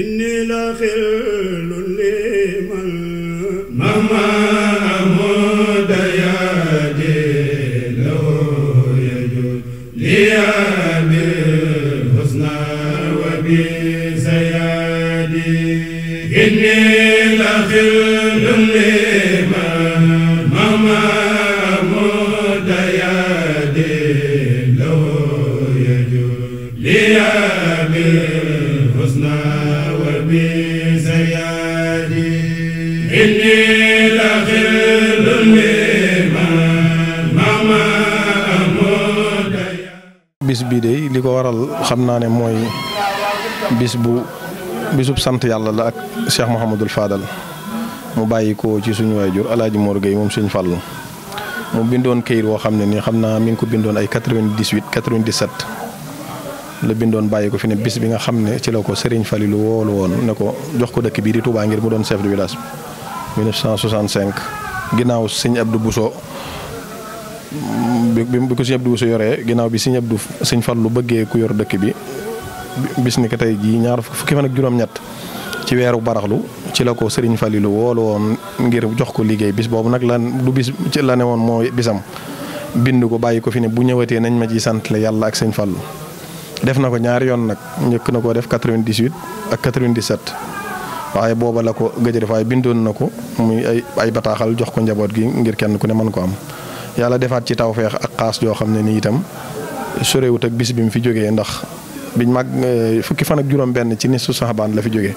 inni la xillu liman mama inni la xillu liman mama bii de li ko waral xam naa ne mooy bis bu bisub sant yàlla la ak Cheikh Mouhamadul Fadal mu bàyyi ko ci suñu waajur El Hadj Mor Gueye moom suñu fàllu mu bindoon këyit woo xam ne nii xam naa mi ngi ko bindoon ay 98 97 la bindoon bàyyi ko fi ne bis bi nga xam ne ci la ko sëriñ Serigne Falilou woolu woon ne ko jox ko dëkk bii di Touba ngir mu doon chef de village 1965 ginnaaw sëñ Abdou Bousso. bi bi ko sëñ Abdou su yoree ginnaaw bi sëñ Abdou sëñ Fallu bëggee ku yor dëkk bi bis ni ko tey jii ñaar fukki fan ak juróom-ñett ci weeru baraxlu ci la ko Serigne Fallilu woolu woon ngir jox ko liggéey bis boobu nag lan du bis ci la ne woon moo bisam bind ko bàyyi ko fi ne bu ñëwatee nañ ma ci sant la yàlla ak sëñ Fallu def na ko ñaari yoon nag njëkk na ko def 98 ak 97 waaye booba la ko gëj a waaye bindoon na ko muy ay ay bataaxal jox ko njaboot gi ngir kenn ku ne mën ko am. yàlla defaat ci tawfeex ak xaas joo xam ne ni itam sorewut ak bis bi mu fi jógee ndax biñ mag eh, fukki fan ak juróom-benn ci nisu saxabaan la fi jóge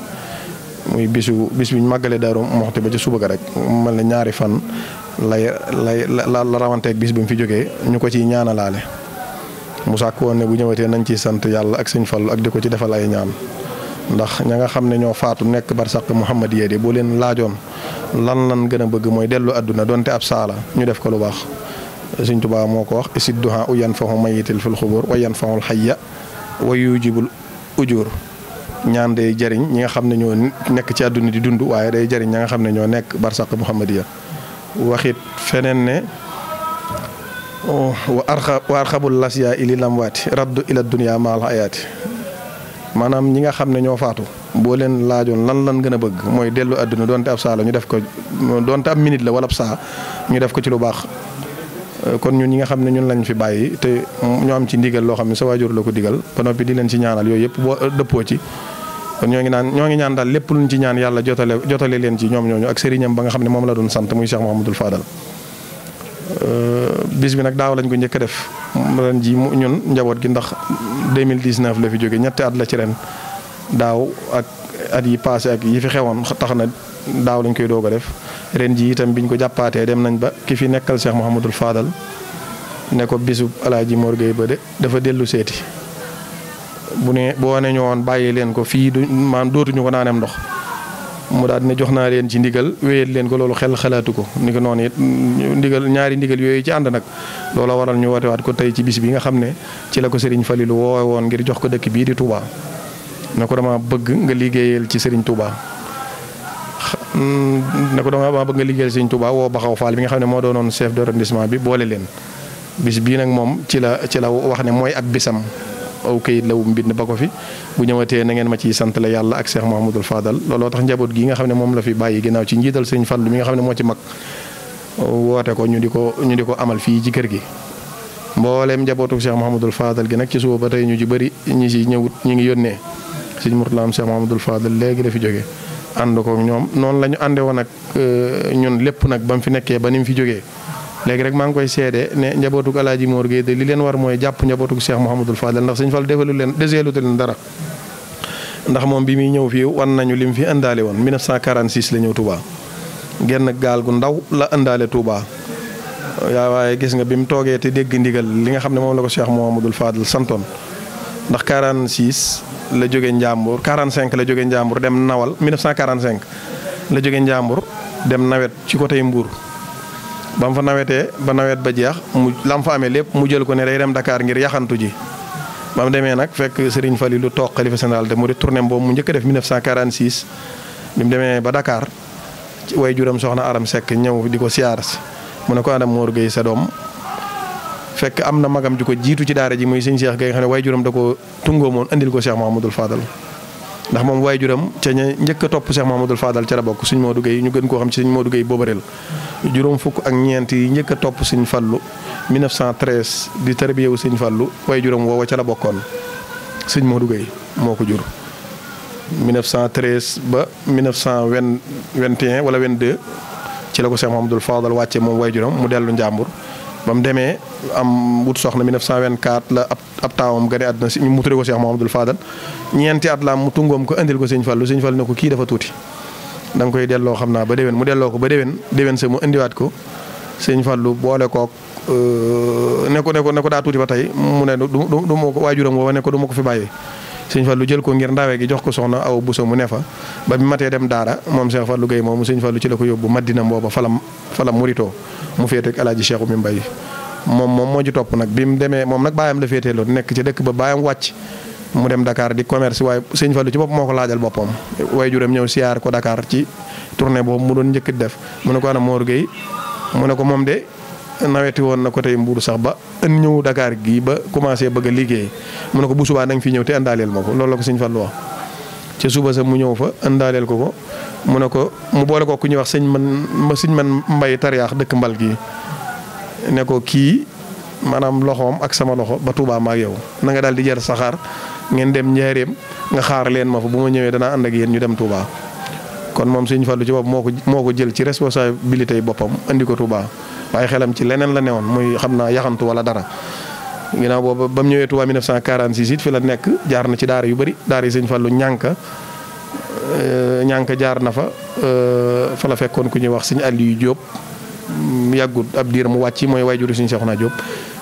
muy bisu bis biñ màggalee Daaru Muxti ba ci suba ga rek mu mel ñaari fan lay lay la la rawanteeg bis bi mu fi jógee ñu ko ciy ñaanalaale. mu sàkk woon ne bu ñëwatee nañ ciy sant yàlla ak sëñ Fallu ak di ko ci defal ay ñaan. ndax ña nga xam ne ñoo faatu nekk barsàq Muhammad yee de boo leen laajoon lan lan gën a bëgg mooy dellu àdduna donte ab saala ñu def ko lu baax. Sëñ Tuubaa moo ko wax isid duha u yan fahu mayitil fil xubur wa yan fahul xayya wa yujibul ujur ñaan day jëriñ ñi nga xam ne ñoo nekk ci àdduna di dund waaye day jëriñ ñi nga xam ne ñoo nekk barsaq muhammadiya waxit feneen ne oh, wa arxa wa arxabul lasya ili lamwaati raddu ila dunya maal ayaati maanaam ñi nga xam ne ñoo faatu boo leen laajoon lan lan gën a bëgg mooy dellu àdduna donte ab saa la ñu def ko donte ab minute la wala saa ñu def ko ci lu baax Euh, kon ñun ñi nga xam ne ñun lañ fi bàyyi te ñu am ci ndigal loo xam ne sa waajur la ko digal ba noppi di leen ci ñaanal yooyu yëpp boo euh, dëppoo ci kon ñoo ngi naan ñoo ngi ñaan daal lépp luñ ci ñaan yàlla jotale leen ci ñoom ñooñu ak sëriñam ba nga xam ne moom la doon sant muy Cheikh Mouhamadul Fadal euh, bis bi nag daaw lañ ko njëkk a def ren ji ñun njaboot gi ndax 2019 la fi jóge ñetti at la ci ren daaw ak at yi passé ak yi fi xewoon tax na daaw lañ koy doog a def ren ji itam biñ ko jàppaatee dem nañ ba ki fi nekkal Cheikh Mouhamadul Fadal ne ko bisu alaaji Mor Gueye ba de dafa dellu seeti bu ne boo ne ñëwoon bàyyi leen ko fii du maanaam dootuñu ko naanem ndox mu daal ne jox naa leen ci ndigal wéyal leen ko loolu xel xalaatu ko ni ko noonu it ñaari ndigal yooyu ci ànd nag loolu waral ñu woote waat ko tey ci bis bi nga xam ne ci la ko Serigne Falilou woowe woon ngir jox ko dëkk bii di Touba ne ko dama bëgg nga liggéeyal ci Serigne Touba. Mm, ne ko dama maa bëgg nga liggéeyal Sëñ Tuubaa woo Baxaw Faal bi nga xam ne moo doonoon chef d'arrondissement bi boole leen bis bii nag moom ci la ci la wax ne mooy ab bisam aw kayit la wu mbind ba ko fi bu ñëwatee na ngeen ma ciy sant la yàlla ak Cheikh Mahamadul Fadal looloo tax njaboot gi nga xam ne moom la fi bàyyi ginnaaw ci njiital Sëñ Fallu mi nga xam ne moo ci mag woote ko ñu di ko ñu di ko amal fii ci kër gi mbooleem njabootu Cheikh Mahamadul faadal gi nag ci suba ba tey ñu ci bëri ñi si ñëwut ñu ngi yónnee sëñ Murtalaam Cheikh Mahamadul Fadal léegi la fi jóge ànd ko ñoom noonu la ñu àndee woon ak euh, ñun lépp nag ba mu fi nekkee ba ni mu fi jógee léegi rek maa ngi koy seede ne njabootug alaaji moor Gueye de li leen war mooy jàpp njabootug Cheikh Mouhamadul Fadel ndax Sëñ Fall defalu leen deseelutu leen dara ndax moom bi muy ñëw fii wan nañu li mu fi indaale woon 1946 la ñëw Touba genn gaal gu ndaw la indaale Touba yaa waaye gis nga bi mu toogee te dégg ndigal li nga xam ne moom la ko Cheikh Mouhamadul Fadel santoon ndax 46 la jóge Njàmbur 45 la jóge Njàmbur dem nawal 1945 la jóge Njàmbur dem nawet ci côté Mbour. ba mu fa nawetee ba nawet ba jeex mu lam mu fa amee lépp mu jël ko ne day dem dakaar ngir yaxantu ji ba demee nag fekk fa Serigne lu toog xalifa général de Mouride tournée boobu mu njëkk a def 1946. bi mu demee ba dakaar ci way juram soxna Aram Seck ñëw di ko siyaar mu ne ko Adam Mor Gueye sa doom. fekk am na magam ju ko jiitu ci daara ji muy sëñ Cheikh Gaye nga xam ne waajuram da ko tungoo moon andil ko Cheikh Mahamadul Fadal ndax moom waajuram ca ña njëkk a topp Cheikh Mahamadul Fadal ca bokk sëñ Modou Gueye ñu gën koo xam ci sëñ Modou Gueye boobareel juróom ñeent yi njëkk a topp sëñ Fallu 1913 di tarbiyewu sëñ Fallu waajuram woowa ca la bokkoon sëñ moo Gueye moo ko jur 1913 ba 1921 wala 22 ci la ko Cheikh Mahamadul Fadal wàcce moom waajuram mu dellu Njàmbur ba mu demee am wut soxna 1924 la ab ab taawam gane àdduna si mu turee ko Cheikh Mouhamadul Fadal ñeenti at la mu tungoom ko indil ko sëñ Fallu sëñ Fallu ne ko kii dafa tuuti. da koy delloo xam naa ba déwén mu delloo ko ba déwén déwén sa mu indiwaat ko sëñ Fallu boole koog euh, ne ko ne ko ko daa tuuti ba tey mu ne du du du ma ko waajuram woo ne ko du ma ko fi bàyyee. sëñ Fallou jël ko ngir ndawee gi jox ko soxna aw buso mu ne fa ba bi matee dem daara moom Cheikh Fallou Gueye moomu sëñ Fallou ci la ko yóbbu Madina mbooba falam falam muritoo mu féete ak alaaji Cheikh Oumy Mbaye moom moom moo ci topp nag bi mu demee moom nag baayam la féeteeloon nekk ci dëkk ba baayam wàcc mu dem Dakar di commerce waaye sëñ Fallou ci bopp moo ko laajal boppam waaye juram ñëw siyaar ko Dakar ci tournée boobu mu doon njëkk njëkkit def mu ne ko ana Mor Gueye mu ne ko moom de naweti woon na ko tey mbuur sax ba ën ñëw dakaar gii ba commencé bëgg a liggéey mu ne ko bu subaa na nga fi ñëw te àndaaleel ma ko loolu la ko sëñ Fallu wax ca suba sax mu ñëw fa àndaaleel ko ko mu ne ko mu boole ko ku ñuy wax sëñ man sëñ man mbay tariyaax dëkk mbal gii ne ko kii maanaam loxoom ak sama loxo ba Touba ma ak yow na nga daal di jar saxaar ngeen dem njaareem nga xaar leen ma fa bu ma ñëwee danaa ànd ak yéen ñu dem tuubaa kon moom sëñ Fallu ci bopp moo ko moo ko jël ci responsabilité yi boppam andi ko Touba waaye xelam ci leneen la woon muy xam naa yaxantu wala dara. ginaaw boobu ba mu ñëwee Touba 1946 it la nekk jaar na ci daara yu daara yi sëñ Fallou ñànka euh, ñànka jaar na fa euh, fa la ku ñuy wax sëñ Aliou Diop mm, yàggut ab diir mu wàcc mooy waajuru sëñ Cheikhouna Diop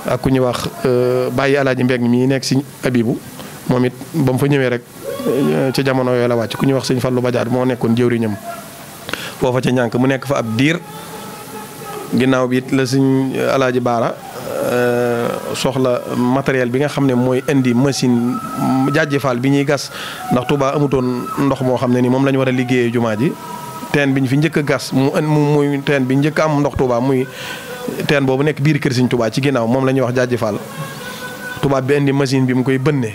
ak ku ñuy wax euh, bàyyi alaaji Mbeng mi nekk sëñ Abibu moom it ba fa ñëwee rek ca jamono yooyu la wàcc ku ñuy wax sëñ Fallou Badiane moo nekkoon jëwriñam foofa ca ñànk mu nekk fa ab diir ginnaaw bi it la suñ alaaji baara euh, soxla matériel bi nga xam ne mooy indi machine jaajëfal bi ñuy gas ndax Touba amutoon ndox moo xam ne ni moom la ñu war a liggéeyee jumaa ji teen bi ñu fi njëkk gas mu muy teen bi njëkk am ndox Touba muy teen boobu nekk biir kër Sëriñ Touba ci ginnaaw moom la ñuy wax jaajëfal tubaab bi indi machine bi mu koy bënne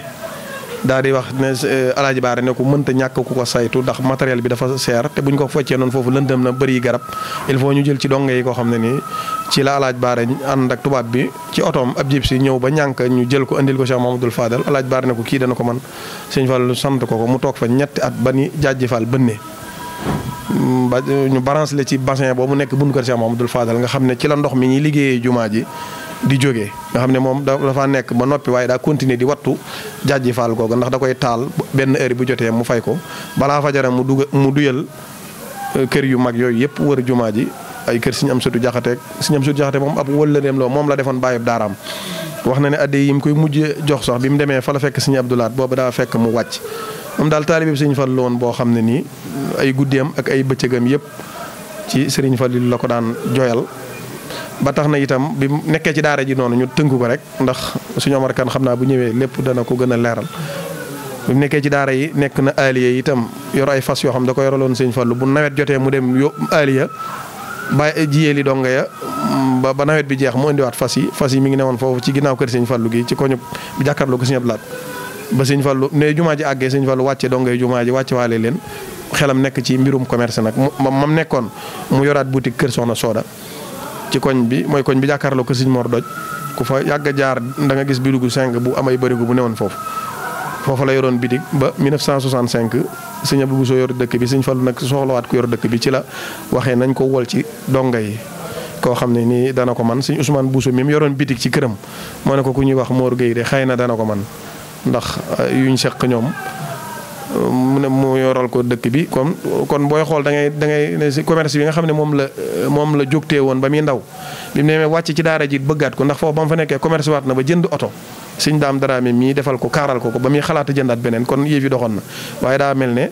daal di wax ne euh, alaaji baare ne ko mënta ñàkk ku ko saytu ndax matériel bi dafa seer te buñ ko feccee noonu foofu lëndëm na bëri garab il faut ñu jël ci donge yi koo xam ne ni ci la alaaj baare ànd ak bi ci otoom ab jib si ñëw ba ñànk ñu jël ko indil ko Cheikh Mamadou Fadal alaaj baare ne ko kii dana ko man sëñ lu sant ko ko mu toog fa ñetti at ba ni jaaji Fall bënnee mm, ba euh, ñu balance la ci basin boobu nekk buñ kër Cheikh Mamadou Fadal nga xam ne ci la ndox mi ñuy liggéeyee jumaa ji di jógee nga xam ne moom dafa nekk ba noppi waaye daa continuer di wattu jàjji faal googu ndax da koy taal benn heure bu jotee mu fay ko balaa fajara mu dug mu duyal euh, kër yu mag yooyu yëpp a jumaa ji ay kër Sëriñ Amsatu Jaxate Sëriñ Amsatu Jaxate moom ab wëllëreem loo moom la defoon bàyyib daaraam wax na ne addi yi mu koy mujj jox sax bi mu demee fa la fekk Sëriñ Abdulaat boobu daa fekk mu wàcc moom daal taalibe Sëriñ Fallu loon boo xam ne nii ay guddeem ak ay bëccëgam yëpp ci Sëriñ Fallu la ko daan joyal ba tax na itam bi nekkee ci daara ji noonu ñu tënku ko rek ndax suñu Omar Kane xam naa bu ñëwee lépp dana ko gën a leeral. bi nekkee ci daara yi nekk na aaliya itam yor ay fas yoo xam da ko yoraloon sëñ Fallu bu nawet jotee mu dem yo aaliya ba jiyee li donga ya mm, ba ba nawet jeex mu indiwaat fas yi fas yi mi ngi newoon foofu ci ginnaaw kër sëñ Fallu gi ci ko sëñ Ablaat ba sëñ Fallu ne jumaa ji àggee sëñ Fallu wàcce donga jumaa ji wàcce waale leen xelam nekk ci mbirum commerce nag mu mam nekkoon mu yoraat boutique kër soxna Soda ci koñ bi mooy koñ bi jàkkaarloo ko Sëñ Mor Doj ku fa yàgg a jaar da gis birigu cinq bu amay bërigo bu newoon foofu foofu la yoroon bitig ba 1965 sëñ Abdou Bousso yor dëkk bi sëñ Fallu nag soxlawaat ku yor dëkk bi ci la waxee nañ ko wol ci donga yi koo xam ne nii dana ko man sëñ Ousmane Bousso mi mu yoroon bitig ci këram moo ne ko ku ñuy wax Mor Gueye de xëy na dana ko man ndax euh, yuñ seq ñoom mu ne mu yoral ko dëkk bi comme kon booy xool da ngay da ngay commerce bi nga xam ne moom la moom la jógtee woon ba ndaw bi ne wàcc ci daara ji bëggaat ko ndax ba mu fa nekkee commerce waat na ba jënd oto sëñ daam daraame mii defal ko kaaral ko ko ba muy xalaata jëndaat beneen kon yëf yi na waaye daa mel ne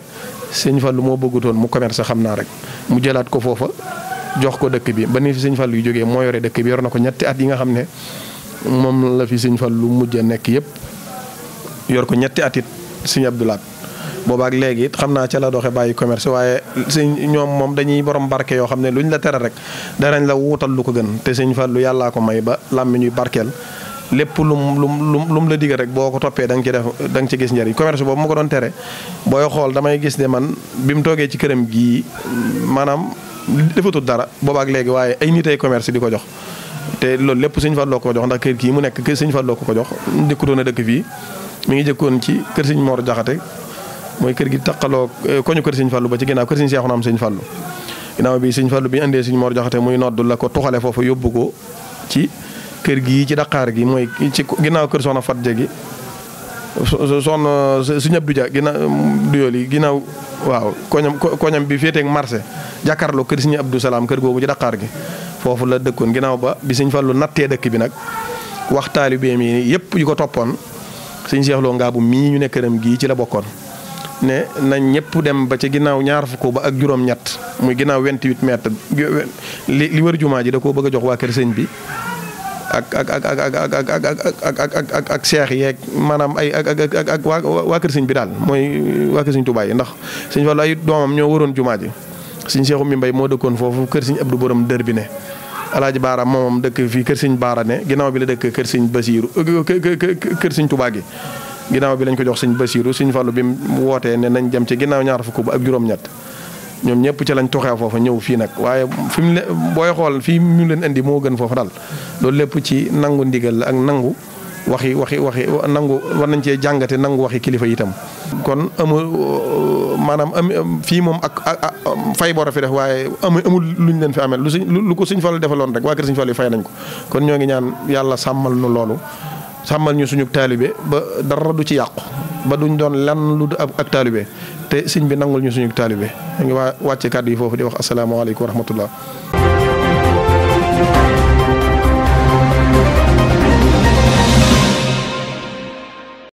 sëñ Fallu moo bëggutoon mu commerce xam naa rek mu jëlaat ko foofa jox ko dëkk bi ba ni sëñ Fallu yu jógee moo yore dëkk bi yor na ko ñetti at yi nga xam ne moom la fi sëñ Fallu mujj a nekk yëpp yor ko ñetti atit it sëñ Abdulaat boobaak léegi it xam naa ca la doxe bàyyi commerce waaye sëñ ñoom moom dañuy borom barke yoo xam ne luñ la tere rek danañ la wuutal lu ko gën te sëñ Fallu yàllaa ko may ba làmmi ñuy barkeel lépp lum lum lum lum la digal rek boo ko toppee da nga def da nga gis njëriñ commerce boobu ma ko doon tere booy xool damay gis ne man bi toogee ci këram gii maanaam defatul dara boobaak léegi waaye ay nit commerce di ko jox te loolu lépp sëñ Fallou ko jox ndax kër kii mu nekk kër sëñ Fallou ko jox njëkkutoon a dëkk fii mi ngi jëkkoon ci kër siñ moor Jaxate mooy kër gi taqaloo eh, koñu kër Sëñ Fallu ba ci ginnaaw kër Sëñ Seexu na am Sëñ Fallu ginnaaw bi Sëñ Fallu bi ñu andee Sëñ Mor Jaxate muy noddu la ko tuxale foofu yóbbu ko ci kër gii ci Dakar gi mooy ci ginnaaw kër Soxna Fat Ja gi soxna Sëñ Abdu Ja ginnaaw duyool yi ginnaaw koñam bi féeteeg marché jàkkaarloo kër Sëñ Abdou Salaam kër googu ci Dakar gi foofu la dëkkoon ginnaaw ba bi Sëñ Fallu nattee dëkk bi nag wax taalibeem yi yëpp yu ko toppoon Sëñ Seex Lo Ngaabu mii ñu ne këram gii ci la bokkoon ne nañ ñëpp dem ba ci ginnaaw ñaar fukk ba ak juróom-ñett muy ginnaaw 28 mètres li li wër jumaa ji da koo bëgg a waa kër sëñ bi. ak ak ak ak ak ak ak ak ak ak ak seex yeeg maanaam ay ak ak ak ak waa kër bi daal mooy waa kër sëñ yi ndax sëñ Fallu ay doomam ñoo waroon jumaa ji. sëñ Seexu mi mbay moo dëkkoon foofu kër sëñ Abdu Borom dër bi ne. alaaji baara moom dëkk fii kër sëñ baara ne ginnaaw bi la dëkk kër sëñ Basiiru kër sëñ Tuubaa gi. ginnaaw bi lañ ko jox sëñ Basiiru sëñ Fallu bi mu wootee ne nañ dem ci ginnaaw ñaar fukk ba ak juróom-ñett ñoom ñëpp ci lañ toxee foofa ñëw fii nag waaye fi mu booy xool fii ñu leen indi moo gën foofa daal loolu lépp ci nangu ndigal la ak nangu waxi waxi waxi nangu war nañ cee jàngate nangu waxi kilifa itam. kon amul maanaam am fii moom ak fay bor a fi def waaye amul lu ñu leen fi amee lu ko suñ Fallu defaloon rek waa kër suñ Fallu yi fay nañ ko kon ñoo ngi ñaan yàlla sàmmal nu loolu. sàmmal ñu suñu taalibe ba dara du ci yàqu ba duñ doon lan lu ak taalibe te sëñ bi nangul ñu suñu taalibe ñu waa wàcce kàddu yi foofu di wax asalaamaaleykum wa rahmatullah